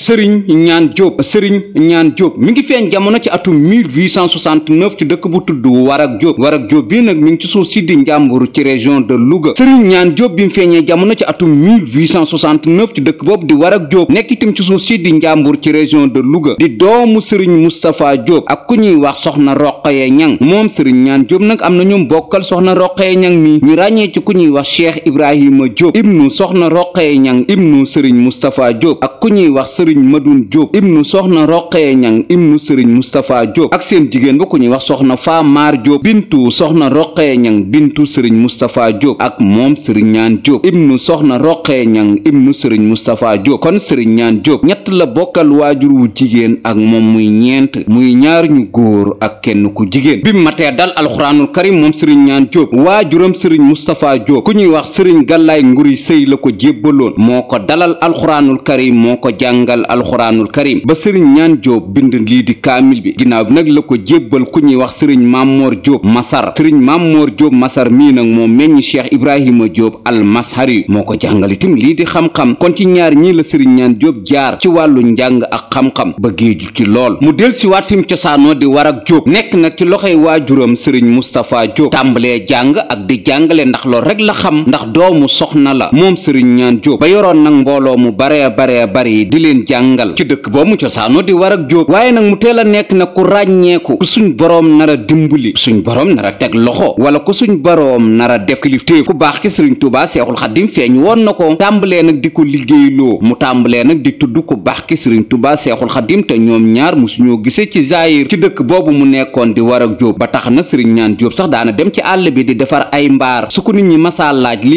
sëriñ ñaan jóob sëriñ ñaan jóob mi ngi feeñ jamono ci atum 1869 ci dëkk bu tudd warak jóob warak jóob bii nag mi ngi ci suuf si di njàmbur ci région de Louga sëriñ ñaan jóob bi feeñee jamono ci atum 1869 ci dëkk boobu di warak jóob nekk itam ci suuf si di njàmbur ci région de Louga di doomu sëriñ Moustapha Jóob ak ku ñuy wax soxna Roqaya ñan moom sëriñ ñaan jóob nag am na ñoom mbokkal soxna Roqaya ñan mi ñu ràññee ci ku ñuy wax Cheikh Ibrahima Jóob ibnu soxna Roqaya Ñang ibnu sëriñ Moustapha Jóob ak ku ñuy wax sëriñ Madoune Diop ibnu soxna Roqee Ñang ibnu sëriñ Moustapha Diop ak seen jigéen ba ku ñuy wax soxna Faamar Diop bintu soxna Roqee Ñang bintu sëriñ Moustapha ak moom sëriñ ñaan Diop ibnu soxna Roqee Ñang ibnu sëriñ Moustapha Diop kon sëriñ ñaan Diop ñett la bokkal waajur wu jigéen ak moom muy ñeent muy ñaar ñu góor ak kenn ku jigéen bi matee dal alxuraanul karim moom sëriñ ñaan Diop waajuram sëriñ Moustapha Diop ku ñuy wax sëriñ gallaay Nguri Sëy la ko jébbaloon moo ko dalal alxuraanul karim moo ko jàngal mokkal alxuraanul karim ba sëriñ ñaan jóob bind lii di kaamil bi ginnaaw bi nag la ko jébbal ku ñuy wax sëriñ mammoor jóob masar sëriñ mammoor jóob masar mii nag moo meññ cheikh ibrahima jóob al mashari moo ko jàngal itam lii di xam-xam kon ci ñaar ñii la sëriñ ñaan jóob jaar ci wàllu njàng ak xam-xam ba géeju ci lool mu del si waat fi cosaanoo di war ak jóob nekk nag ci loxoy waajuram sëriñ mustapha jóob tàmbalee jàng ak di jàngale ndax lool rek la xam ndax doomu soxna la moom ñaan jóob leen jàngal ci dëkk boo mu cosaanoo di war ak jóob waaye nag mu teel a nekk na ku ràññeeku ku suñ boroom nar a dimbali ku suñ boroom nar a teg loxo wala ku suñ boroom nar a def kilifteef ku baax ci sëriñ Tuubaa Seexul Xaddim feeñ woon na ko tàmbalee nag di ko liggéeyloo mu tàmbalee nag di tudd ku baax ki sëriñ tubaa Seexul Xaddim te ñoom ñaar mu musuñoo gisee ci zaayir ci dëkk boobu mu nekkoon di war ak jóob ba tax na sëriñ ñaan jóob sax daana dem ci àll bi di defar ay mbaar su ko nit ñi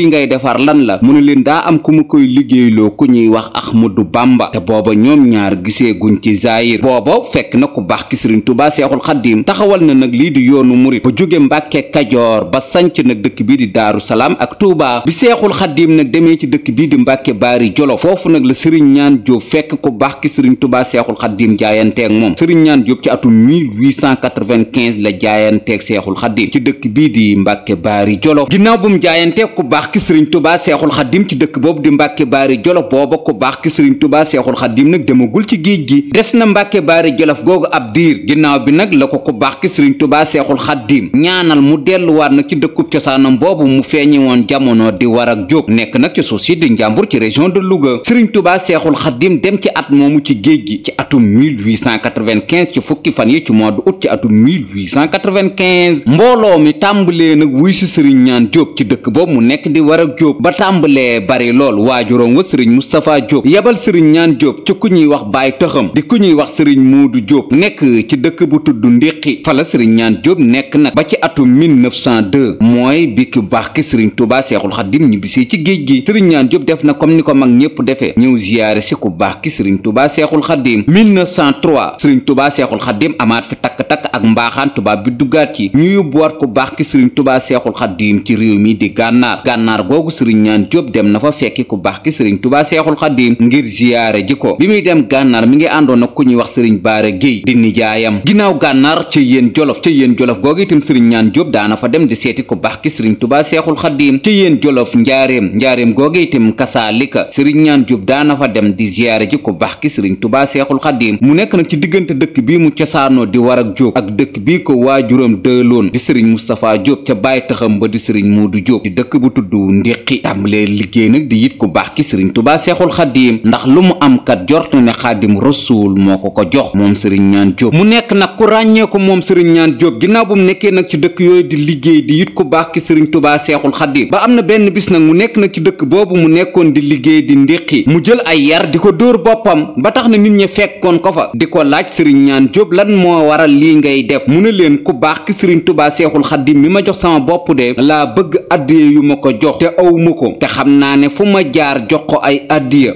ngay defar lan la booba ñoom ñaar gisee guñ ci zaayir booba fekk na ku baax ki sëriñ tubaa seexul xaddiim taxawal na nag lii di yoonu murit ba jóge mbàkke kajoor ba sanc nag dëkk bii di daaru salaam ak tuubaa bi seexul xaddiim nag demee ci dëkk bii di mbàkke baari jolof foofu nag la sëriñ ñaan jóob fekk ku baax ki sëriñ tubaa seexul xaddiim jaayanteeg moom sëriñ ñaan jóob ci atum 1895 la jaayanteeg seexul xaddiim ci dëkk bii di mbàkke baari jolof ginnaaw bu mu jaayanteeg ku baax ki sëriñ tubaa seexul xaddiim ci dëkk boobu di mbàkke baari jolof booba ku baax ki sëriñ tubaa xaddim nag demagul ci géej gi des na mbàkke baari jolof googu ab diir ginnaaw bi nag la ko ku baax ki sëriñ tubaa seexul xaddim ñaanal mu delluwaat nag ci dëkkub cosaanam boobu mu feeñi woon jamono di war ak jóg nekk nag ci suuf si di njàmbur ci région de Louga sëriñ tubaa seexul xaddim dem ci at moomu ci géej gi ci atum 1895 ci fukki fan yi ci mois d'août ci atum 1895 mbooloo mi tàmbalee nag wuy si sëriñ ñaan jóob ci dëkk boobu mu nekk di war ak jóob ba tàmbalee bari lool waajuroom wa sëriñ Moustapha Jóob yebal sëriñ ñaan jóob Diop ci ku ñuy wax Baye Taxam di ku ñuy wax Serigne Modou Diop nekk ci dëkk bu tudd Ndéqi fala Serigne Ñaan Diop nekk nag ba ci atum 1902 mooy bikk ki baax ki Serigne Touba Seexul Xadim ñibbisee ci géej gi Serigne Ñaan Diop def na comme ni ko mag ñépp defee ñëw ziyaare si ku baax ki Serigne Touba Seexul Xadim 1903 tubaa Touba Seexul Xadim amaat fi takk-takk ak mbaaxaan tubaab bi duggaat yi ñu yóbbuwaat ku baax ki Serigne Touba Seexul Xadim ci réew mii di gànnaar gànnaar googu Serigne Ñaan Diop dem na fa fekki ku baax ki Serigne Touba Seexul Xadim ko bi muy dem gànnaar mi ngi àndoon nag ku ñuy wax sëriñ baara géy di nijaayam ginnaaw gànnaar ca yéen jolof ca yéen jolof googu itam sëriñ ñaan jóob daana fa dem di seeti ko baax ki sëriñ tubaa seexul xaddiim ca yéen jolof njaareem njaareem googu itam kasaalika sëriñ ñaan jóob daana fa dem di ziyaare ji ko baax ki sëriñ tubaa seexul xaddiim mu nekk nag ci diggante dëkk bi mu cosaanoo di war ak jóob ak dëkk bii ko waajuram dëloon di sëriñ mustapha jóob ca bàyyi taxam ba di sëriñ muudu jóob di dëkk bu tudd ndéqi tàmbalee liggéey nag di yit ko baax ki sëriñ tubaa seexul xaddiim ndax kat jort na ne xaadim rasuul moo ko ko jox moom sëriñ ñaan jóob mu nekk nag ku ràññee ko moom sëriñ ñaan jóob ginnaaw bu mu nekkee nag ci dëkk yooyu di liggéey di yit ku baax ki sëriñ tubaa seexul xadim ba am na benn bis nag mu nekk nag ci dëkk boobu mu nekkoon di liggéey di ndéqi mu jël ay yar di ko dóor boppam ba tax na nit ñi fekkoon ko fa di ko laaj sëriñ ñaan jóob lan moo waral lii ngay def mu ne leen ku baax ki sëriñ tubaa seexul xadim mi ma jox sama bopp de laa bëgg addiye yu ko jox te awma ko te xam naa ne fu ma jaar jox ko ay addiya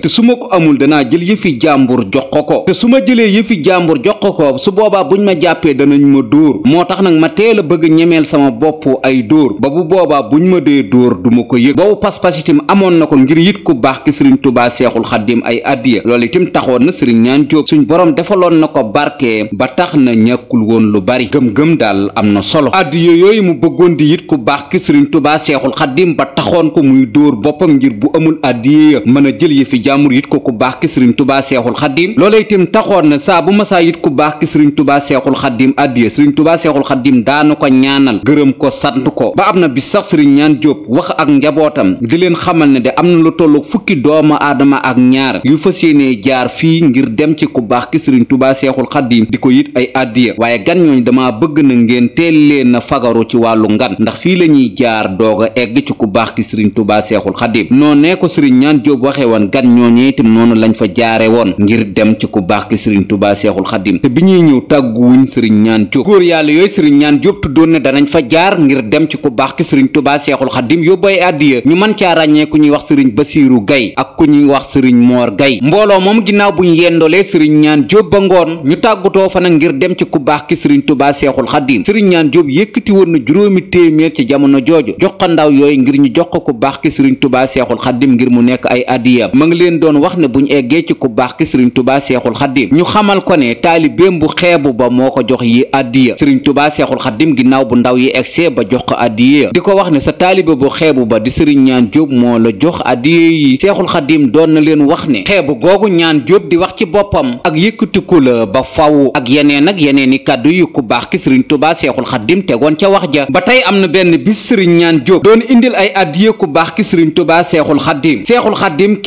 yëfi jàmbur jox ko ko te su ma jëlee yëfi jàmbur jox ko ko su boobaa buñ ma jàppee danañu ma dóor moo tax nag ma teel a bëgg ñemeel sama bopp ay dóor ba bu boobaa buñ ma dee dóor duma ko yëg boobu pas-pas itam amoon na ko ngir yit ku baax ki sëriñ tubaa seexul xaddim ay addiya loolu itam taxoon na sëriñ ñaan jóob suñu borom defaloon na ko barke ba tax na ñàkkul woon lu bari gëm-gëm daal am na solo addiya yooyu mu bëggoon di yit ku baax ki sëriñ tubaa seexul xaddim ba taxoon ko muy dóor boppam ngir bu amul addiya mën a jël yëfi jàmbur yit ko ku baax ki tubaa seexul xaddim loola itam taxoon na saa bu masaa yit ku baax ki sëriñ tubaa seexul xaddim addiya sëriñ tubaa seexul xaddim daanu ko ñaanal gërëm ko sant ko ba am na bis sax sëriñ ñaan jóob wax ak njabootam di leen xamal ne de am na lu tollu fukki doomu aadama ak ñaar yu fa yéenee jaar fii ngir dem ci ku baax ki sëriñ tubaa seexul xaddim di ko yit ay addiya waaye gan ñooñu dama bëgg na ngeen teel leen na fagaru ci wàllu ngan ndax fii la ñuy jaar doog a egg ci ku baax ki sëriñ tubaa seexul xaddim jaare woon ngir dem ci ku baax ki sëriñ tubaa seexul xadim te bi ñuy ñëw tàgguwuñ sëriñ ñaan jóob góor yàlla yooyu sëriñ ñaan jóob tuddoon ne danañ fa jaar ngir dem ci ku baax ki sëriñ tubaa seexul xadim yóbbay àddiya ñu mën caa ràññee ñuy wax sëriñ basiiru gay ak ku ñuy wax sëriñ moor gay mbooloo moom ginnaaw buñ yendolee sëriñ ñaan jóob ba ngoon ñu tàggutoo fa nag ngir dem ci ku baax ki sëriñ tubaa seexul xadim sëriñ ñaan jóob yëkkati woon na juróomi téeméer ci jamono jooju jox ndaw yooyu ngir ñu jox ko ku baax ki sëriñ tubaa seexul xadim ngir mu nekk ay àddiya ci ku baax ki sëriñ tubaa seexul xaddim ñu xamal ko ne taalibeem bu xeebu ba moo ko jox yi addiya sëriñ tubaa seexul xaddim ginnaaw bu ndaw yi egsee ba jox ko addiya di ko wax ne sa taalibe bu xeebu ba di sëriñ ñaan jóob moo la jox addiya yi seexul xaddim doon na leen wax ne xeebu googu ñaan jóob di wax ci boppam ak yëkkatiku la ba faw ak yeneen ak yeneeni kàddu yu ku baax ki sëriñ tubaa seexul xaddim tegoon ca wax ja ba tey am na benn bis sëriñ ñaan jóob doon indil ay addiya ku baax ki tubaa seexul xaddim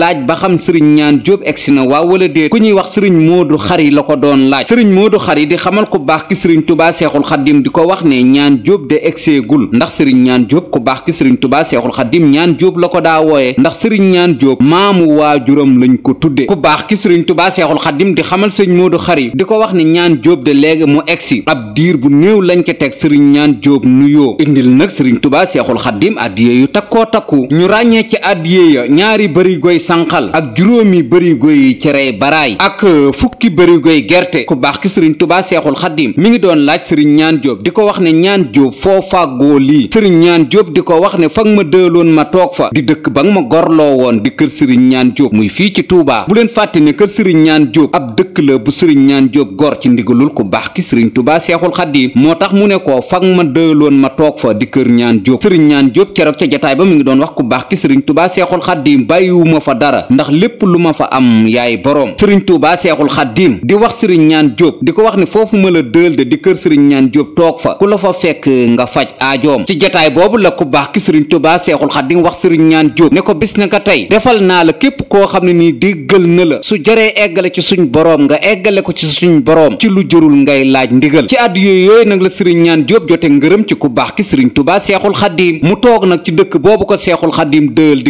laaj ba xam sëriñ ñaan jóob egsi na waaw wala déet ku ñuy wax sëriñ moodu xari la ko doon laaj sëriñ moodu xari di xamal ku baax ki sëriñ tubaa seexul xaddim di ko wax ne ñaan jóob de egseegul ndax sëriñ ñaan jóob ku baax ki sëriñ tubaa seexul xaddim ñaan jóob la ko daa wooye ndax sëriñ ñaan jóob maamu waajuram lañ ko tudde ku baax ki sëriñ tubaa seexul xaddim di xamal sëriñ moodu xari di ko wax ni ñaan jóob de léegi mu egsi ab diir bu néew lañ ko teg sëriñ ñaan jóob nuyoo indil nag sëriñ tubaa seexul xaddim addiye yu takkoo takku ñu ràññee ci addiye ya ñaari bari goy sànqal ak juróomi bërigo yi cerey baraay ak fukki bërigo yi gerte ku baax ki sëriñ tubaa seexul xaddim mi ngi doon laaj sëriñ ñaan jóob di ko wax ne ñaan jóob foo fàggoo lii sëriñ ñaan jóob di ko wax ne fag ma dëloon ma toog fa di dëkk ba nga ma gorloo woon di kër sëriñ ñaan jóob muy fii ci tuubaa bu leen fàtte ne kër sëriñ ñaan jóob ab dëkk la bu sëriñ ñaan jóob gor ci ndigalul ku baax ki sëriñ tubaa seexul xaddim moo tax mu ne ko fag ma dëloon ma toog fa di kër ñaan jóob sëriñ dara ndax lépp lu ma fa am yaay boroom sëriñ tuubaa seexul xaddiim di wax sëriñ ñaan jóob di ko wax ne foofu ma la dël de di kër sëriñ ñaan jóob toog fa ku la fa fekk nga faj aajoom ci jataay boobu la ku baax ki sëriñ tuubaa seexul xaddiim wax sëriñ ñaan jóob ne ko bis na nga tey defal naa la képp koo xam ne nii gël na la su jaree eggale ci suñ boroom nga eggale ko ci suñ boroom ci lu jërul ngay laaj ndigal ci at yooyu yooyu nag la sëriñ ñaan jóob ngërëm ci ku baax ki sëriñ tuubaa seexul xaddiim mu toog nag ci dëkk boobu ko seexul xaddiim dël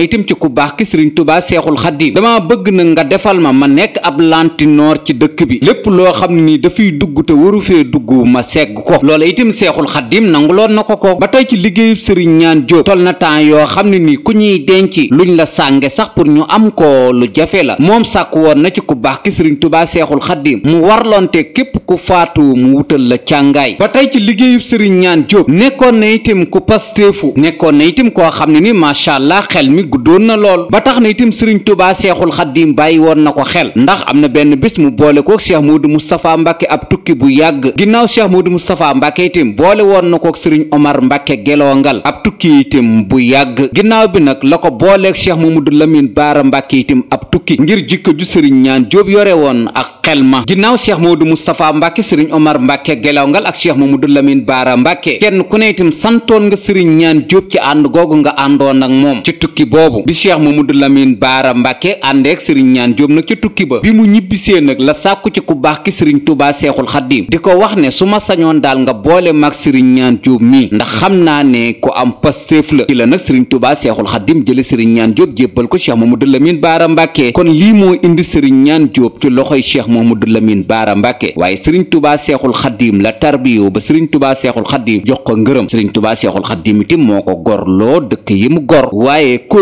na itam ci ku baax ki sëriñ tubaa seexul xaddim dama bëgg na nga defal ma ma nekk ab lantinoor ci dëkk bi lépp loo xam ni dafay dugg te waru fee dugg ma segg ko loola itam seexul xaddim nanguloon na ko ko ba tey ci liggéeyu sëriñ ñaan jóob tol na temps yoo xam ne nii ku ñuy denc luñ la sànge sax pour ñu am ko lu jafe la moom sàkk woon na ci ku baax ki sëriñ tubaa seexul xaddim mu warlonte képp ku faatu mu wutal la càngaay ba tey ci liggéeyu sëriñ guddoon na lool ba tax na itam sëriñ tubaa seexul xaddiim bàyyi woon na ko xel ndax am na benn bés mu boole kook cheikh moodu moustapha mbàkke ab tukki bu yàgg ginnaaw cheikh moodu moustapha mbàkke itam boole woon na kook sëriñ omar mbàkke gelongal ab tukki itam bu yàgg ginnaaw bi nag la ko booleeg cheikh mamadou lamin baara mbàkke itam ab tukki ngir jikko ju sëriñ ñaan jóob yore woon ak xel ma ginnaaw cheikh moodu moustapha mbàkke sëriñ omar mbàkke gelongal ak cheikh mamadou lamin baara mbàkke kenn ku ne itam santoon nga sëriñ ñaan jóob ci ànd googu nga àndoon boobu bi cheikh mamadou lamine baara mbàkke àndeek sëriñ ñaan jóob nag ca tukki ba bi mu ñibbisee nag la sàkku ci ku baax ki sëriñ tubaa seexul xaddiim di ko wax ne su ma sañoon daal nga boole mag sëriñ ñaan jóob mii ndax xam naa ne ko am pastéef la ci la nag sëriñ tubaa seexul xaddiim jële sëriñ ñaan jóob jébbal ko cheikh mamadou lamine baara mbàkke kon lii moo indi sëriñ ñaan jóob ci loxoy moo mamadou lamine baara mbàkke waaye sëriñ tubaa seexul xaddiim la tarbiyo ba sëriñ tubaa seexul xaddiim jox ko ngërëm sëriñ tubaa seexul xaddiim moo ko gorloo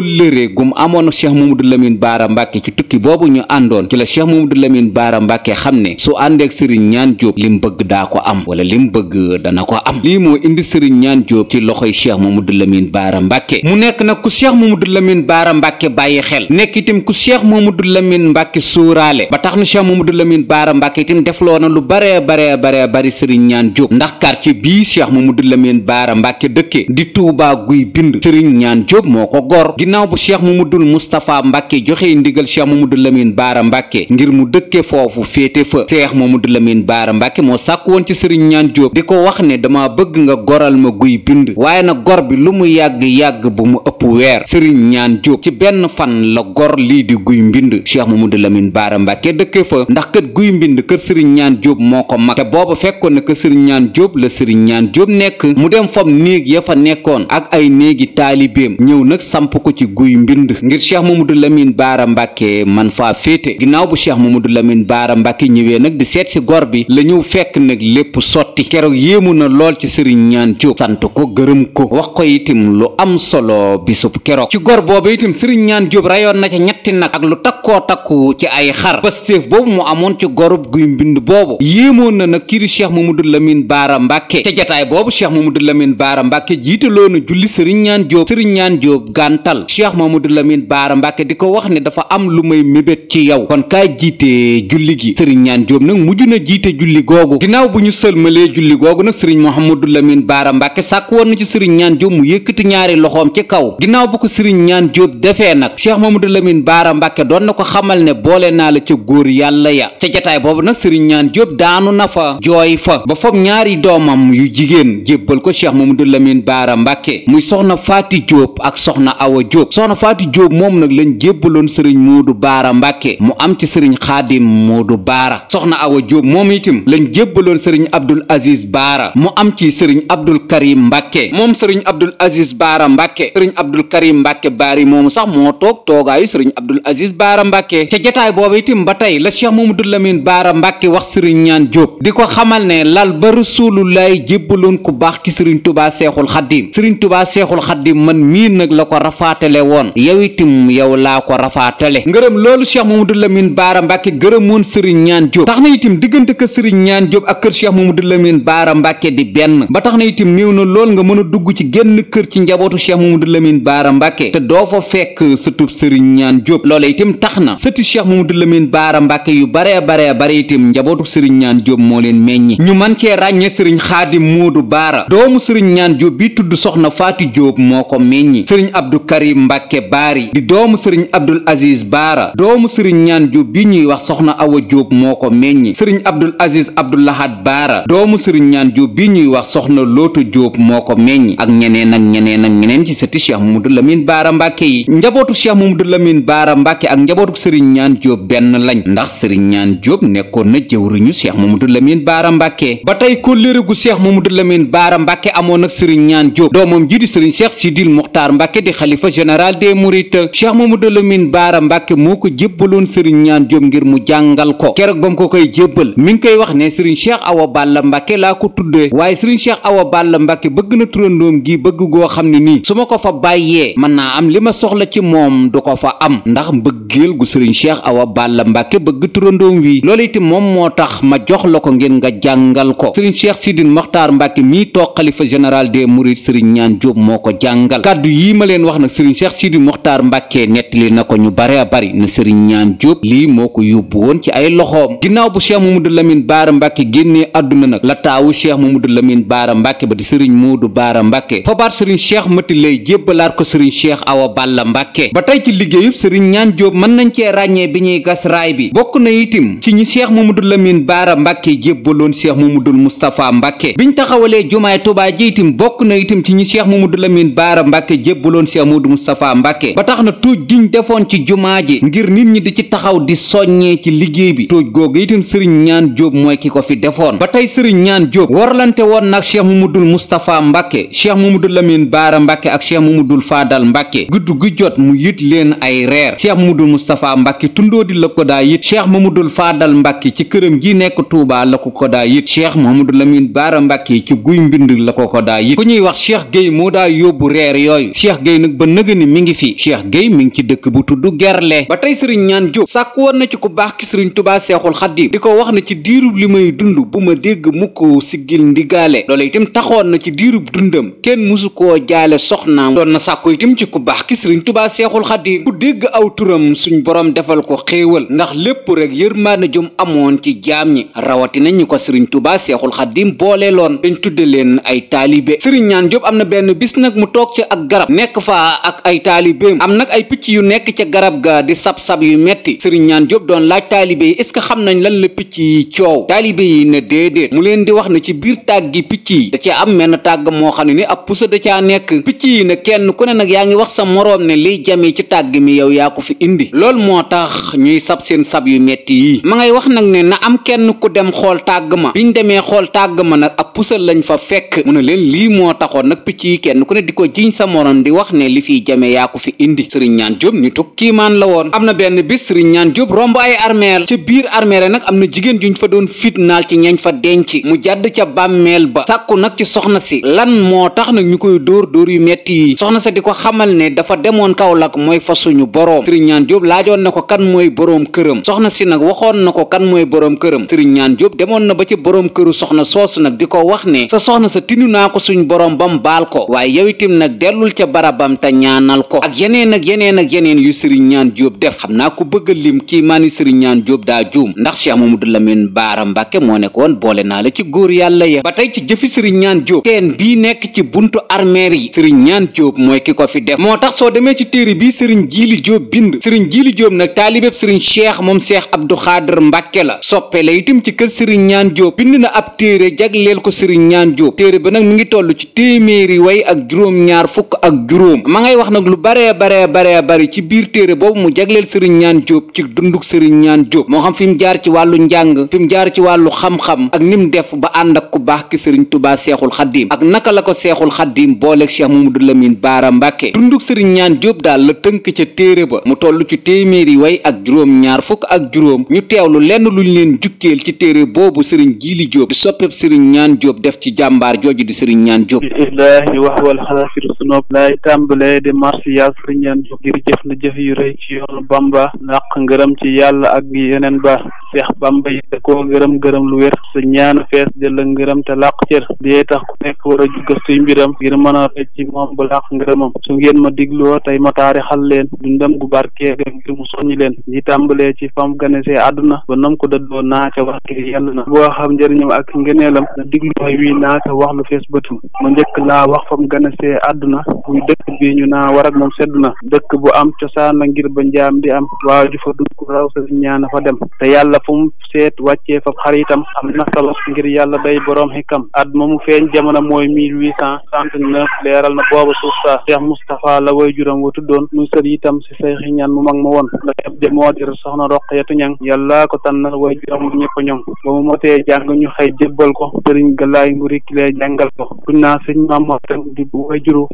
kóllëre gum amoon cheikh mamadou lamine baara mbàkke ci tukki boobu ñu àndoon ci la cheikh mamadou lamine baara mbàkke xam ne su àndeek sëriñ ñaan jóob lim bëgg daa ko am wala lim bëgg dana ko am lii moo indi sëriñ ñaan jóob ci loxo yi loxoy cheikh mamadou lamine baara mbàkke mu nekk nag ku cheikh mamadou lamine baara mbàkke bàyyi xel nekk itam ku cheikh du lamine mbàkke sóoraale ba tax na cheikh mamadou lamine baara mbàkke def loo na lu bare bare bare bari sëriñ ñaan jóob ndax quartier bii cheikh mamadou lamine baara mbàkke dëkke di tuubaa guy bind sëriñ ñaan jóob moo ginnaaw bu cheikh mamadul moustapha mbàkke joxe ndigal cheikh mamadul lamin baara mbàkke ngir mu dëkke foofu féete fa mu mamadul lamin baara mbàkke moo sàkk woon ci sëriñ ñaan jóob di ko wax ne dama bëgg nga goral ma guy bind waaye na gor bi lu mu yàgg-yàgg bu mu ëpp weer sëriñ ñaan jóob ci benn fan la gor lii di guy mbind cheikh mamadul lamin baara mbàkke dëkke fa ndax kët guy mbind kër sëriñ ñaan jóob moo ko mag te booba fekkoon na kër sëriñ jóob la sëriñ ñaan nekk mu dem fam néeg ya fa nekkoon ak ay néegi taalibeem ñëw nag ci guy mbind ngir cheikh mamadou lamine baara mbàkke man faa féete ginnaaw bu cheikh du lamine baara mbàkke ñëwee nag di seet si gor bi lañu ñëw fekk nag lépp sot sotti keroog yéemu na lool ci sëriñ ñaan Diop sant ko gërëm ko wax ko itim lu am solo bisub keroog ci gor boobu itim sëriñ ñaan Diop rayoon na ca ñetti nag ak lu takkoo takku ci ay xar pastéef boobu mu amoon ci gorub guy mbind boobu yéemoon na nag kii di cheikh Mamadou Lamine Baara Mbàkke ca jataay boobu cheikh Mamadou Lamine Baara Mbàkke jiitaloo na julli sëriñ ñaan Diop sëriñ ñaan Diop gàntal cheikh Mamadou Lamine Baara Mbàkke di ko wax ni dafa am lu may mébét ci yow kon kaay jiite julli gi sëriñ ñaan Diop na jiite julli wootee julli googu nag sëriñ Mouhamadou Lamine Baara Mbàkke sàkk woon na ci sëriñ ñaan jóob mu yëkkati ñaari loxoom ci kaw ginnaaw bu ko sëriñ ñaan jóob defee nag Cheikh Mouhamadou Lamine Baara Mbàkke doon na ko xamal ne boole naa la ca góor yàlla ya ca jataay boobu nag sëriñ ñaan jóob daanu na fa jooy fa ba fam ñaari doomam yu jigéen jébbal ko Cheikh Mouhamadou Lamine Baara Mbàkke muy soxna Faati Jóob ak soxna Awa Jóob soxna Faati Jóob moom nag lañ jébbaloon sëriñ Moodu Baara Mbàkke mu am ci sëriñ Xaadim Moodu Baara Aziz Baara mu am ci sëriñ Abdul Karim Mbàkke moom sëriñ Abdul Aziz Baara Mbàkke sëriñ Abdul Karim Mbàkke Baari moomu sax moo toog toogaayu sëriñ Abdul Aziz Baara Mbàkke ca jotaay boobu itam ba tey la Cheikh Mamadou Lamine Baara Mbàkke wax sëriñ ñaan Jóob di ko xamal ne lal ba Rasulullaay jébbaloon ku baax ki sëriñ Tubaa Seexul Xaddim sëriñ Tubaa Seexul Xaddim man mii nag la ko rafaatale woon yow itam yow laa ko rafaatale ngërëm loolu Cheikh Mamadou Lamine Baara Mbàkke gërëmoon sëriñ ñaan Jóob tax na itam Lamine Baara Mbàkke di benn ba tax na itam néew na lool nga mën a dugg ci génn kër ci njabootu Cheikh Mamadou Lamine Baara Mbàkke te doo fa fekk sëtub Sëriñ Ñaan Jóob loola itam tax na sëtu Cheikh du Lamine Baara Mbàkke yu baree baree bare itam njabootu Sëriñ Ñaan Jóob moo leen meññi ñu man cee ràññe Sëriñ Xaadim du Baara doomu Sëriñ Ñaan Jóob bi tudd Soxna Faati Jóob moo ko meññi Sëriñ Abdou Karim Mbàkke Baari di doomu Sëriñ Abdul Aziz Baara doomu Sëriñ Ñaan bi ñuy wax Soxna Awa Jóob moo ko meññi Sëriñ Abdul Aziz Abdul doomu sëriñ ñaan jóob bi ñuy wax soxna lootu jóob moo ko meññ ak ñeneen ak ñeneen ak ñeneen ci sëti cheikh mamadou lamine baara mbàkke yi njabootu cheikh mamadou lamine baara mbàkke ak njabootu sëriñ ñaan jóob benn lañ ndax sëriñ ñaan jóob nekkoon na jëwriñu cheikh mamadou lamine baara mbàkke ba tey kóllëre gu cheikh mu lamine baara mbàkke amoon ak sëriñ ñaan jóob doomam ji di sëriñ cheikh sidil muxtaar mbàkke di xalifa général des mourides cheikh mamadou lamine baara mbàkke moo ko jébbaloon sëriñ ñaan jóob ngir mu jàngal ko keroog ba mu ko koy jébbal mi koy wax ne sëriñ Mbàkke laa ko tuddee waaye Serigne Cheikh Awa Balla Mbàkke bëgg na turandoom gi bëgg goo xam ne nii su ma ko fa bàyyee mën naa am li ma soxla ci moom du ko fa am ndax mbëggeel gu Serigne Cheikh Awa Balla Mbàkke bëgg turandoom wi loolu itam moom moo tax ma jox la ko ngeen nga jàngal ko Serigne Cheikh Sidine Mokhtar Mbàkke mii toog xalifa général des Mourides Serigne Ñaan Jóob moo ko jàngal kàddu yii ma leen wax nag Serigne Cheikh Sidine Mokhtar Mbàkke nettali na ko ñu bare a bari na Serigne Ñaan ko yóbbu woon ci ay la taawu cheikh mamadou lamine baara mbàkke ba di sëriñ moodu baara mbàkke fobaat sëriñ cheikh mati lay jébbalaat ko sëriñ cheikh awa balla mbàkke ba tey ci liggéeyub sëriñ ñaan jóob mën nañ cee ràññee bi ñuy gas bi bokk na itim ci ñi cheikh mamadou lamine baara mbàkke jébbaloon cheikh mamadou moustapha mbàkke biñ taxawalee jumaay tubaa ji itim bokk na itim ci ñi cheikh mamadou lamine baara mbàkke jébbaloon cheikh mamadou moustapha mbàkke ba tax na tuuj giñ defoon ci jumaa ji ngir nit ñi di ci taxaw di soññee ci liggéey bi tuuj googu itim sëriñ ñaan jóob mooy ki ko fi defoon ba tey sëriñ ñaan jóob warlante woon nag cheikh mamadul moustapha mbàkke cheikh mamadul lamin baara mbàkke ak cheikh mamadul faadal mbàkke gudd gu jot mu yit leen ay reer mu cheikh mamadul moustapha mbàkke tundoo di la ko daa yit cheikh mamadul faadal mbàkke ci këram gi nekk tuubaa la ko ko daa yit mu mamadul lamin baara mbàkke ci guy mbind la ko ko daa yit ku ñuy wax cheikh géy moo daa yóbbu reer yooyu cheikh géy nag ba nëga ni mi ngi fi cheikh géy mi ngi ci dëkk bu tudd gerle ba tey sëriñ ñaan jóob sàkk woon na ku baax ki sëriñ tubaa seexul li may mu ko siggil ndigaale loola itam taxoon na ci diirub dundam kenn musu koo jaale soxnaam doon na sàkku itam ci ku baax ki sëriñ tubaa seexul xadim ku dégg aw turam suñ boroom defal ko xéewal ndax lépp rek yërmaane jum amoon ci jaam ñi rawatina ñi ko sëriñ tubaa seexul xadim boole loon dañ tudde leen ay taalibe sëriñ ñaan jóob am na benn bis nag mu toog ci ak garab nekk fa ak ay taalibeem am nag ay picc yu nekk ca garab ga di sab-sab yu metti metti sëriñ ñaan Diop doon laaj taalibe yi est xam nañ lan la picc yi coow taalibe yi ne déedéet mu leen di wax na ci biir tàgg gi picc yi da cee am menn tàgg moo xam ne ni ab pusa da caa nekk picc yi ne kenn ku ne nag yaa ngi wax sa moroom ne liy jamee ci tàgg mi yow yaa ko fi indi lool moo tax ñuy sab seen sab yu metti yi ma ngay wax nag ne na am kenn ku dem xool tàgg ma ñu demee xool tàgg ma nag ab pusa lañ fa fekk mu ne leen lii moo taxoon nag picc yi kenn ku ne di ko jiñ sa moroom di wax ne li fiy jamee yaa fi indi sëriñ ñaan Diop ñu Serigne Ñaan Jóob romb ay armeel ca biir armeele nag am na jigéen ju ñu fa doon fitnaal ci ñañ fa denc mu jàdd ca bàmmeel ba sàkku nag ci soxna si lan moo tax nag ñu koy dóor dóor yu metti yi soxna sa di ko xamal ne dafa demoon Kaolack mooy fa suñu boroom Serigne Ñaan Jóob laajoon na ko kan mooy boroom këram soxna si nag waxoon na ko kan mooy boroom këram Serigne Ñaan Jóob demoon na ba ci boroom këru soxna soosu nag di ko wax ne sa soxna sa tinu naa ko suñu boroom ba mu baal ko waaye yow nag dellul ca barabam te ñaanal ko ak yeneen ak yeneen yu Serigne bëgg a lim kii sëriñ ñaan jóob daa juum ndax cheikh mamadou lamine baara mbàkke moo nekkoon boole naa la ci góor yàlla ya ba tey ci jëfi sëriñ ñaan jóob teen bii nekk ci buntu armeer yi sëriñ ñaan jóob mooy ki ko fi def moo tax soo demee ci téere bi sëriñ jiili jóob bind sëriñ jiili jóob nag taalibeb sëriñ cheikh moom cheikh abdou xaadir mbàkke la soppe la itam ci kër sëriñ ñaan jóob bind na ab téere jagleel ko sëriñ ñaan jóob téere ba nag mi ngi toll ci téeméeri way ak juróom-ñaar fukk ak mu Diop ci dunduk Serigne Niane Diop moo xam fi mu jaar ci wàllu njàng fi jaar ci wàllu xam-xam ak nim def ba ànd ak ku baax ki sëriñ Touba Seexul Xaddiim ak naka la ko Seexul Xaddiim booleeg mu Mamadou Lamine Baara Mbàkke dunduk Serigne ñaan Diop daal la tënk ca téere ba mu tollu ci téeméeri way ak juróom ñaar fukk ak juróom ñu teew lu lenn luñ leen jukkeel ci téere boobu sëriñ Jili Diop di soppeeb sëriñ ñaan jóob def ci jàmbaar jooju di Serigne Niane Diop ilahi waxwal xalafiru sunoob lay tàmbalee na jëf yu sàq ngërëm ci yàlla ak yeneen ba seex bamba yi da koo gërëm gërëm lu wér sa ñaanu fees dëlla ngërëm te làq cër dee tax ku nekk war a gëstuy mbiram ngir mën a rëcc ci moom bu làq ngërëmam su ngeen ma digloo tey ma taarixal leen dundam gu barkee ga ngir mu soññi leen ñi tàmbalee ci fam ganasee adduna ba nam ko dëddoo naa ca wax kii yàlla na boo xam njëriñam ak ngeneelam na diglooy wi naa wax lu fees bëtum ma njëkk laa wax fam ganasee àdduna buy dëkk bi ñu naa war ak moom sedd na dëkk bu am cosaan la ngi ba njaam di ju fa dugg raw sa ñaana fa dem te yàlla fu mu seet wàccee fa xaritam am na solo ngir yàlla day boroom xikam at ma mu feeñ jamono mooy mille huit cent trente-neuf leeral na booba suuf saa Cheikh Moustapha la way juram wa tuddoon muy mag ma woon ndax ab moo dir soxna ko tànnal way juram mu ñëpp ñoŋ ñu xëy jébbal ko sëriñ Galaay Nguri Kile jàngal ko kuñ naa sëñ Mamoor tam di way juru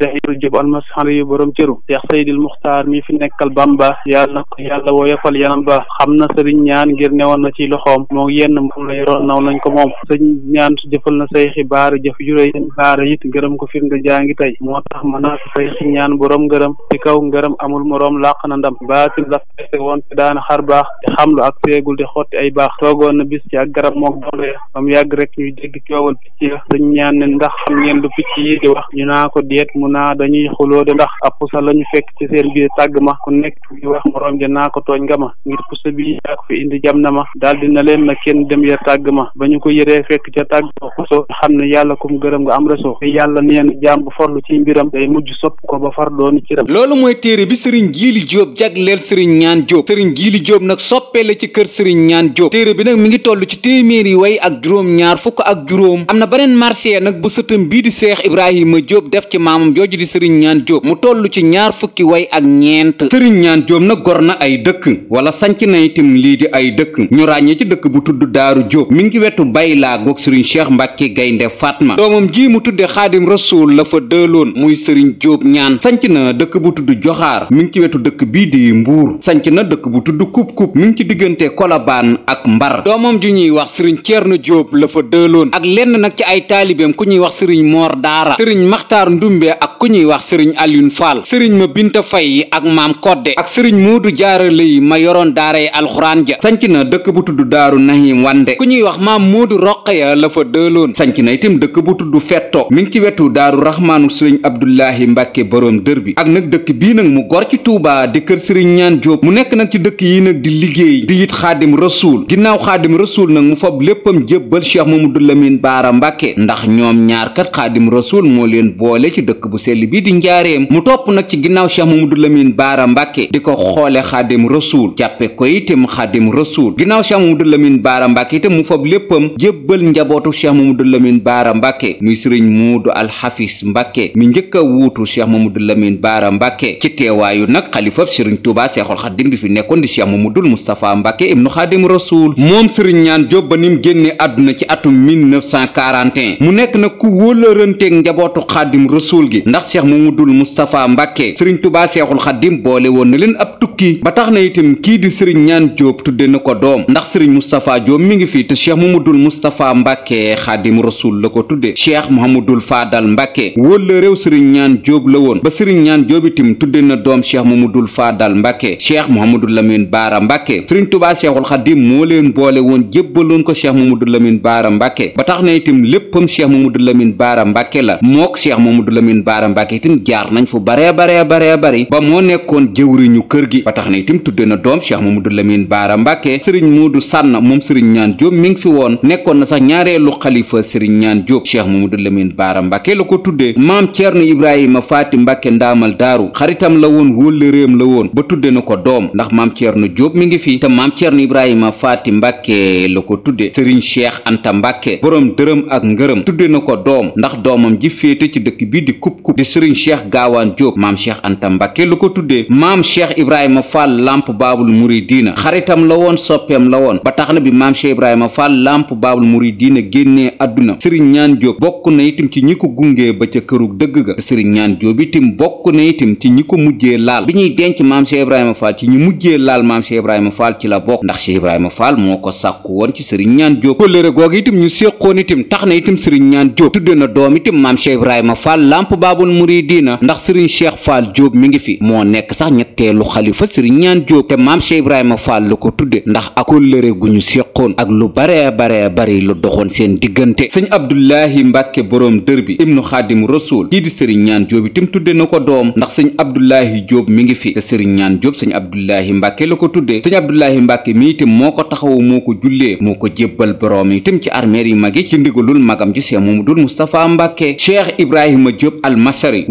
Muxtaar mi fi nekkal Bamba yàlla ko woyofal yanam ba xam na sëriñ ñaan ngir newoon na ci loxoom moo yenn moom la yoroon naw nañ ko moom sëriñ ñaan jëfal na say xibaar jëf juré seen baara it gërëm ko firnde jaa ngi tey moo tax mën naa say si ñaan borom ngërëm ci kaw ngërëm amul moroom làq na ndam baatin la fese woon te daana xar baax te xamlu ak seegul di xotti ay baax toogoon na bis ci a garab mook doole bam yàgg rek ñuy dégg coowal picc ya sëriñ ñaan ne ndax xam ngeen lu picc yi di wax ñu naa ko deet mu naa dañuy xuloo de ndax apusa lañu fekk ci seen biir tàgg ku nekk di wax moroom ja naa tooñ nga ma ngir puso bi yaa ko fi indi jam na ma daal dina leen na kenn dem ya tàgg ma ba ko ba far dooni ci ram loolu mooy téere bi sëriñ Jiili Jóob jagleel sëriñ ñaan Jóob sëriñ Jiili Jóob nag soppee ci kër sëriñ ñaan Jóob téere bi nag mi ngi toll ci téeméeri way ak juróom-ñaar fukk ak juróom am na beneen marché nag bu sëtam bii di Seex Ibrahima Jóob def ci maamam jooju di sëriñ ñaan Jóob mu toll ci ñaar fukki way ak ñeent sëriñ ñaan Jóob nag gor na ay dëkk dëkk wala sanc na itam lii di ay dëkk ñu ràññee ci dëkk bu tudd daaru jóob mi ngi wetu bay laa goog sëriñ cheikh mbàkke gaynde faatma doomam ji mu tudde xaadim rasuul la fa dëloon muy sëriñ jóob ñaan sanc na dëkk bu tudd joxaar mi ngi ci wetu dëkk bii di mbuur sanc na dëkk bu tudd kub-kub mi ngi ci diggante kolobaan ak mbar doomam ju ñuy wax sëriñ na jóob la fa dëloon ak lenn nag ci ay taalibeem ku ñuy wax sëriñ moor daara sëriñ maxtaar ndumbe ak ku ñuy wax sëriñ aliyun faal sëriñ ma yi ma yoroon daaray alxuraan ja sanc na dëkk bu tudd daaru nahim wande ku ñuy wax maam moo moodu roqaya la fa dëloon sanc na itam dëkk bu tudd fetto mi ngi ci wetu daaru raxmaanu sëriñ abdullahi mbàkke boroom dër bi ak nag dëkk bii nag mu gor ci tuubaa di kër sëriñ ñaan jóob mu nekk nag ci dëkk yi nag di liggéey di it xaadim rasuul ginnaaw xaadim rasuul nag mu fab léppam jébbal cheikh mamadou lamine baara mbàkke ndax ñoom ñaar kat xaadim rasuul moo leen boole ci dëkk bu sell rasul jàppe ko itam xaadim rasul ginnaaw cheikh mamadou lamine baara mbàkke itam mu fab léppam jébbal njabootu cheikh mamadou lamine baara mbàkke muy sëriñ muudu alxafis mbàkke mi njëkk a wuutu cheikh mamadou lamine baara mbàkke ci teewaayu nag xalifab sëriñ tuuba seexul xaadim bi fi nekkoon di cheikh mamadul moustapha mbàkke ibnu xaadim rasul moom sëriñ ñaan jóob ba nim génne àdduna ci atum 1941 mu nekk na ku wóolëranteeg njabootu xaadim rasul gi ndax cheikh mamadul moustapha mbàkke sëriñ tuuba tukki ba tax na itam kii di sëriñ ñaan jóob tudde na ko doom ndax sëriñ mustapha jóob mi ngi fi te cheikh mamadul mustapha mbàkke xaadim rasul la ko tudde cheikh mohamadul faadal mbàkke wóol la réew sëriñ ñaan jóob la woon ba sëriñ ñaan jóob itam tudde na doom cheikh mamadul faadal mbàkke cheikh mohamadul lamin baara mbàkke sëriñ tubaa cheikhul xadim moo leen boole woon jébbaloon ko cheikh mamadul lamin baara mbàkke ba tax na itam léppam cheikh mamadul lamin baara mbàkke la mook cheikh mamadul lamin baara mbàkke itam jaar nañ fu bare bare bare bari ba moo nekkoon jëwriñu kër gi gi ba tax na itam tudde na doom cheikh mamadou lamine baara mbàkke sëriñ moodu sànn moom sëriñ ñaan jóob mi ngi fi woon nekkoon na sax ñaareelu xalifa sëriñ ñaan jóob cheikh mamadou lamine baara mbàkke la ko tuddee maam ceerno ibrahima faati mbàkke ndaamal daaru xaritam la woon wóllëreem la woon ba tudde na ko doom ndax maam ceerno jóob mi ngi fi te maam ceerno ibrahima faati mbàkke la ko tudde sëriñ cheikh anta mbàkke borom dërëm ak ngërëm tudde na ko doom ndax doomam ji féete ci dëkk bi di kub kub di sëriñ cheikh gaawaan jóob maam cheikh anta mbàkke ibrahima fall lamp baabul muridina xaritam la woon soppeem la woon ba tax na bi maam cheikh ibrahima fall lamp baabul muridina génnee bokk na itam ci ñi ko gungee ba ca kërug dëgg ga sëriñ ñaan jóob itam bokk na itam ñi ko mujjee laal bi ñuy denc maam cheikh ibrahima fall ci ñi mujjee laal maam cheikh ibrahima ci la bokk ndax cheikh ibrahima moo ko sàkku woon ci sëriñ ñaan jóob kóllëre googu itam ñu tax na itam sëriñ ñaan jóob tudde na doom Fall Diop mi ngi fi moo nekk sax ñetteelu xalifa Serigne Niane Diop te maam Cheikh Ibrahima Fall la ko tudde ndax ak kóllëre gu ñu séqoon ak lu bare bare bari lu doxoon seen diggante sëñ Abdoulahi Mbàkke boroom dër bi ibnu Xaadim Rasul kii di Serigne Niane Diop itam tudde na ko doom ndax sëñ Abdoulahi Diop mi ngi fi te Serigne Niane Diop sëñ Abdoulahi Mbàkke la ko tudde sëñ Abdoulahi Mbàkke mi itam moo ko taxawu ko jullee moo ko jébbal boroom itam ci armeer yi mag yi ci ndigalul magam ji Seex Mamadu Mustafa Mbàkke Cheikh Ibrahima Diop al Masari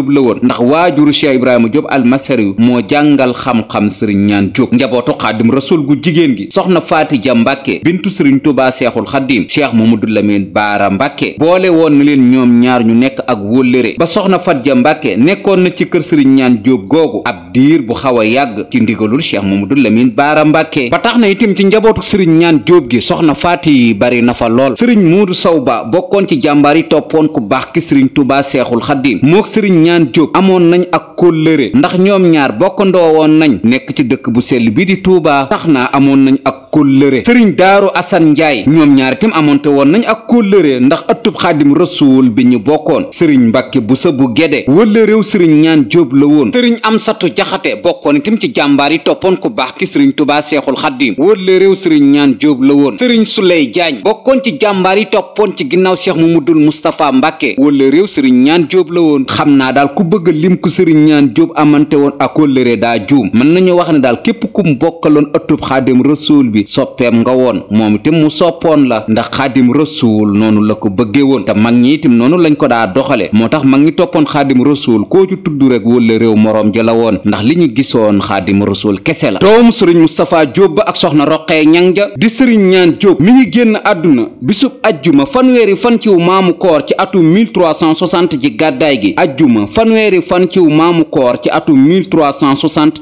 Diop la woon ndax waajuru Cheikh Ibrahima Diop almasariyu moo jàngal xam-xam sëriñ ñaan Diop njabootu xaadim rasul gu jigéen gi soxna Faatija Mbàkke bintu sëriñ Tuubaa Seexul Xaadim Cheikh Mamadou Lamine Baara Mbàkke boole woon leen ñoom ñaar ñu nekk ak wóllëre ba soxna Faatija Mbàkke nekkoon na ci kër sëriñ ñaan Diop googu ab diir bu xaw a yàgg ci ndigalul Cheikh Mamadou Lamine Baara Mbàkke ba tax na itam ci njabootu sëriñ ñaan Diop gi soxna faati yi bari na fa lool sëriñ Muudu Sawba bokkoon ci jàmbaar yi toppoon ku baax ki sëriñ Tuubaa Seexul Xaadim mook sëriñ ñaan jóob amoon nañ ak kóllëre ndax ñoom ñaar bokkandoo woon nañ nekk ci dëkk bu sell bi di tuubaa tax naa amoon nañ ak ak kóllëre sëriñ daaru asan njaay ñoom ñaar tim amonte woon nañ ak kóllëre ndax ëttub xaadim rasuul bi ñu bokkoon sëriñ mbàkke bu sa bu gede wala réew sëriñ ñaan jóob la woon sëriñ amsatu jaxate bokkoon tim ci jàmbaar yi toppoon ku baax ki sëriñ tubaa seexul xaddim wala réew sëriñ ñaan jóob la woon sëriñ suley jaañ bokkoon ci jàmbaar yi toppoon ci ginnaaw seex mamudul mustapha mbàkke wala réew sëriñ ñaan jóob la woon xam naa daal ku bëgg lim ku sëriñ ñaan jóob amante woon ak kóllëre daa juum mën nañu wax ne daal képp kum bokkaloon ëttub xaadim rasuul bi bi soppeem nga woon moom itam mu soppoon la ndax xaadim rasuul noonu la ko bëggee woon te mag ñi itam noonu lañ ko daa doxale moo tax mag ñi toppoon xaadim rasuul koo ci tudd rek wala réew moroom ja la woon ndax li ñu gisoon xaadim rasuul kese la doomu sëriñ Moustapha Diop ba ak soxna roqee ñang ja di sëriñ ñaan Diop mi ngi génn àdduna bisub ajjuma fanweeri fan ciw maamu koor ci atum 1360 ci gàddaay gi ajjuma fanweeri fan ciw maamu koor ci atum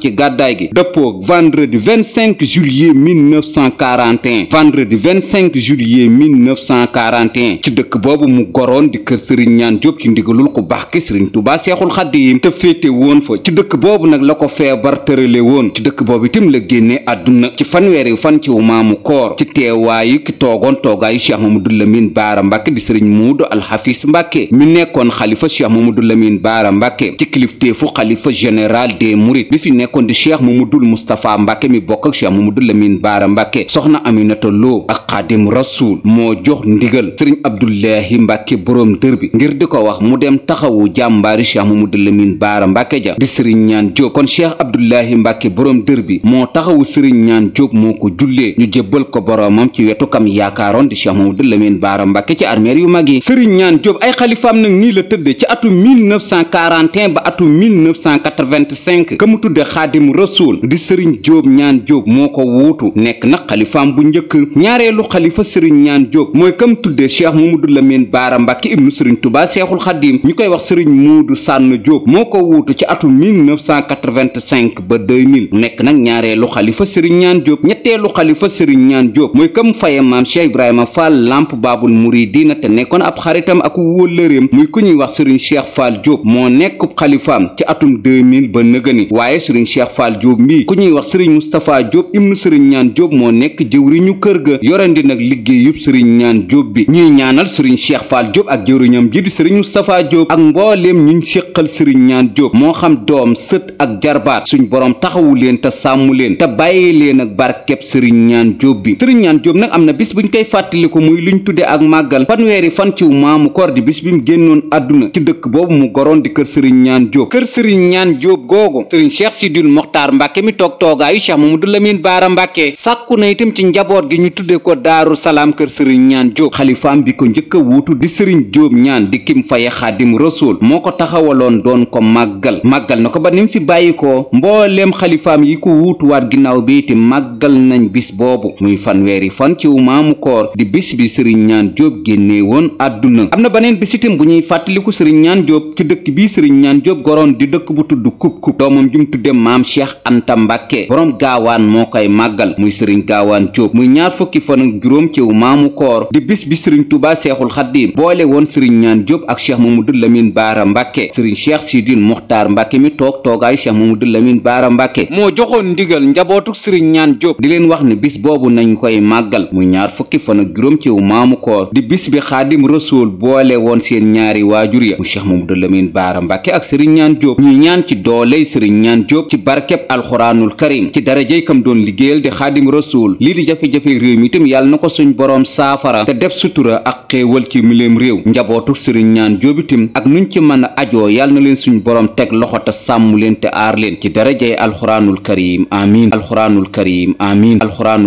ci gàddaay gi dëppoog vendredi 25 juillet 19 1941 vendredi 25 juillet 1941 ci dëkk boobu mu goroon di kër sëriñ ñaan Diop ci ndigalul ku baax ki sëriñ Touba Seexul Xaddiim te féete woon fa ci dëkk boobu nag la ko feebar tërale woon ci dëkk boobu itam la génnee àdduna ci fanweeri fan ci maamu koor ci teewaayu ki toogoon toogaayu Cheikh Mamadou Lamine Baara Mbacke di sëriñ Muudu Alxafis Mbacke mi nekkoon xalifa Cheikh Mamadou Lamine Baara Mbacke ci kilifteefu xalifa général des Mourides bi fi nekkoon di Cheikh Mamadou Moustapha Mbacke mi bokk ak Cheikh Mamadou Lamine Baara mbàkke soxna aminata loo ak xaadim rasuul moo jox ndigal sëriñ abdullahi mbàkke boroom dër bi ngir di ko wax mu dem taxawu jàmbaari cheikh mamadou lamine baara mbàkke ja di sëriñ ñaan jóob kon cheikh abdullahi mbàkke boroom dër bi moo taxawu sëriñ ñaan jóob moo ko jullee ñu jébbal ko boroomam ci wetu kam yaakaaroon di cheikh mamadou lamine baara mbàkke ci armeer yu mag yi sëriñ ñaan jóob ay xalifaam nag nii la tëdde ci atu 1941 ba atu 1985 ka mu tudde xaadim rasuul di sëriñ jóob ñaan jóob moo ko wuutu nag xalifaam bu njëkk ñaareelu xalifa sëriñ ñaan jóob mooy kam tuddee cheikh du lamine baara mbàkke ibnu sëriñ tubaa seexul xadim ñu koy wax sëriñ muudu sànn jóob moo ko wuutu ci atum 1985 ba 2000 nekk nag ñaareelu xalifa sëriñ ñaan jóob ñetteelu xalifa sëriñ ñaan jóob mooy kam faye maam cheikh ibrahima fall lamp baabul muridina te nekkoon ab xaritam ak wóllëreem muy ku ñuy wax sëriñ cheikh fall jóob moo nekk xalifaam ci atum 2000 ba nëgëni waaye sëriñ cheikh fall jóob mii ku ñuy wax sëriñ mustapha jóob ibnu sëriñ ñaan jóob moo nekk jëwriñu kër ga yorandi nag liggéeyub sëriñ ñaan jóob bi ñuy ñaanal sëriñ Cheikh Fall Diop ak jëwriñam ji di sëriñ Moustapha Diop ak mbooleem ñu séqal sëriñ ñaan jóob moo xam doom sët ak jarbaat suñ borom taxawu leen te sàmm leen te bàyyi leen ak barkeb sëriñ ñaan Diop bi sëriñ ñaan Diop nag am na bis buñ koy fàttaliku muy luñ tudde ak màggal fanweeri fan ci maamu koor di bis bi mu génnoon àdduna ci dëkk boobu mu goroon di kër sëriñ ñaan Diop kër sëriñ ñaan Diop googu sëriñ Cheikh Sidil Mokhtar Mbacke mi toog toogaayu Cheikh Mamadou Lamine Bara Mbacke sàkk sàkku na itam ci njaboot gi ñu tudde ko daaru salaam kër sëriñ ñaan jóob xalifaam bi ko njëkk wuutu di sëriñ jóob ñaan di kim faye xaadim rasuul moo ko taxawaloon doon ko màggal màggal na ko ba nim fi bàyyi ko mbooleem xalifaam yi ko wuutuwaat ginnaaw bi itam màggal nañ bis boobu muy fanweeri fan ci umaamu koor di bis bi sëriñ ñaan jóob génnee woon àdduna am na beneen bis itam bu ñuy fàttaliku sëriñ ñaan jóob ci dëkk bi sëriñ ñaan jóob goroon di dëkk bu tudd kub kub doomam jum tudde maam cheikh anta mbàkke boroom gaawaan moo koy màggal muy sëriñ gaawaan Diop muy ñaar fukki fan ak juróom ci maamu koor di bis bi sëriñ Touba Seexul Xaddiim boole woon sëriñ ñaan Diop ak cheikh Mamadou Lamine Baara Mbàkke sëriñ cheikh Sidil Muxtaar Mbàkke mi toog toogaay cheikh Mamadou Lamine Baara Mbàkke moo joxoon ndigal njabootuk sëriñ ñaan Diop di leen wax ne bis boobu nañ koy màggal mu ñaar fukki fan ak juróom ci maamu koor di bis bi xaadim rasuul boole woon seen ñaari waajur ya mu cheikh Mamadou Lamine Baara Mbàkke ak sëriñ ñaan Diop ñuy ñaan ci dooley sëriñ ñaan Diop ci barkeb alxuraanul karim ci darajey rasul lii di jafe-jafe réew mi itam yàlla na ko suñ boroom saafara te def sutura ak xéewal ci miléem réew njabootu sëriñ ñaan jóob itam ak nuñ ci mën a ajoo yàlla na leen suñ boroom teg loxo te sàmm leen te aar leen ci darajay alxuraanul karim amin alxuraanul karim amin alxuraanul